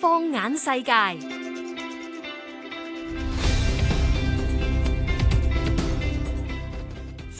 放眼世界。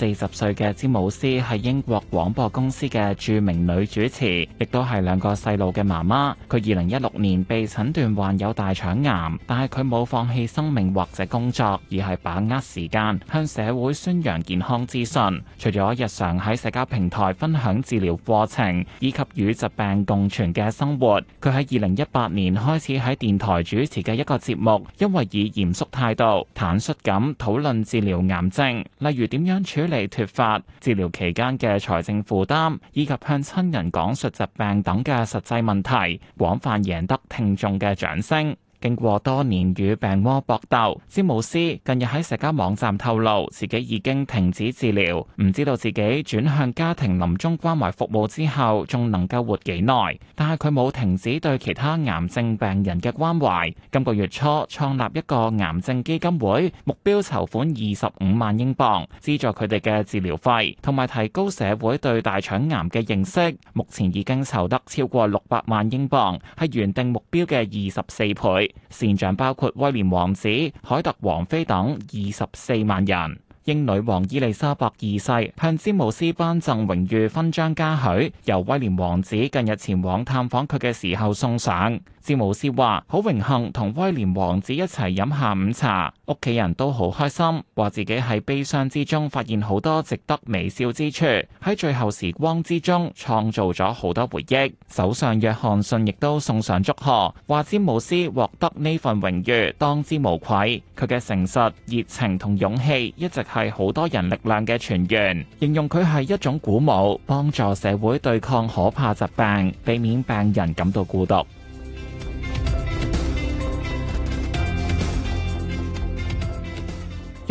四十歲嘅詹姆斯係英國廣播公司嘅著名女主持，亦都係兩個細路嘅媽媽。佢二零一六年被診斷患有大腸癌，但係佢冇放棄生命或者工作，而係把握時間向社會宣揚健康資訊。除咗日常喺社交平台分享治療過程以及與疾病共存嘅生活，佢喺二零一八年開始喺電台主持嘅一個節目，因為以嚴肅態度、坦率咁討論治療癌症，例如點樣處理嚟脫髮、治療期間嘅財政負擔，以及向親人講述，述疾病等嘅實際問題，廣泛贏得聽眾嘅掌聲。經過多年與病魔搏鬥，詹姆斯近日喺社交網站透露自己已經停止治療，唔知道自己轉向家庭臨終關懷服務之後，仲能夠活幾耐。但係佢冇停止對其他癌症病人嘅關懷。今個月初創立一個癌症基金會，目標籌款二十五萬英鎊，資助佢哋嘅治療費，同埋提高社會對大腸癌嘅認識。目前已經籌得超過六百萬英鎊，係原定目標嘅二十四倍。善長包括威廉王子、凱特王妃等二十四萬人。英女王伊麗莎白二世向詹姆斯頒贈榮譽勳章嘉許，由威廉王子近日前往探訪佢嘅時候送上。詹姆斯話：好榮幸同威廉王子一齊飲下午茶，屋企人都好開心。話自己喺悲傷之中發現好多值得微笑之處，喺最後時光之中創造咗好多回憶。首相約翰遜亦都送上祝賀，話詹姆斯獲得呢份榮譽當之無愧。佢嘅誠實、熱情同勇氣一直係好多人力量嘅泉源，形容佢係一種鼓舞，幫助社會對抗可怕疾病，避免病人感到孤獨。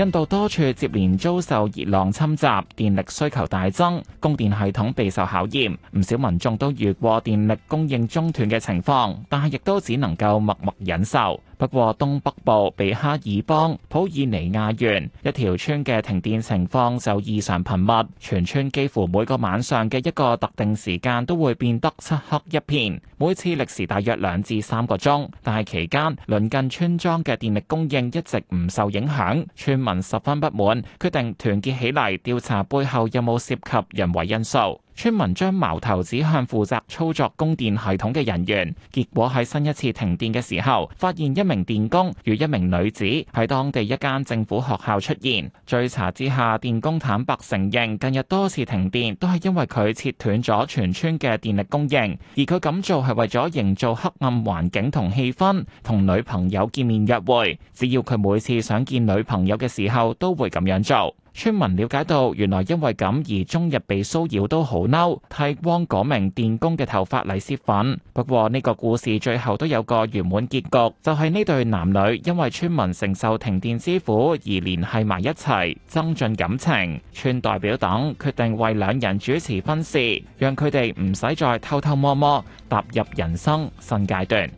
印度多處接連遭受熱浪侵襲，電力需求大增，供電系統備受考驗。唔少民眾都遇過電力供應中斷嘅情況，但係亦都只能夠默默忍受。不過，東北部比哈爾邦普爾尼亞縣一條村嘅停電情況就異常頻密，全村幾乎每個晚上嘅一個特定時間都會變得漆黑一片，每次歷時大約兩至三個鐘。但係期間鄰近村莊嘅電力供應一直唔受影響，村民十分不滿，決定團結起嚟調查背後有冇涉及人為因素。村民將矛頭指向負責操作供電系統嘅人員，結果喺新一次停電嘅時候，發現一名電工與一名女子喺當地一間政府學校出現，追查之下，電工坦白承認近日多次停電都係因為佢切斷咗全村嘅電力供應，而佢咁做係為咗營造黑暗環境同氣氛，同女朋友見面約會，只要佢每次想見女朋友嘅時候，都會咁樣做。村民了解到，原來因為咁而終日被騷擾都好嬲，剃光嗰名電工嘅頭髮嚟洩憤。不過呢個故事最後都有個圓滿結局，就係、是、呢對男女因為村民承受停電之苦而聯繫埋一齊，增進感情。村代表等決定為兩人主持婚事，讓佢哋唔使再偷偷摸摸踏入人生新階段。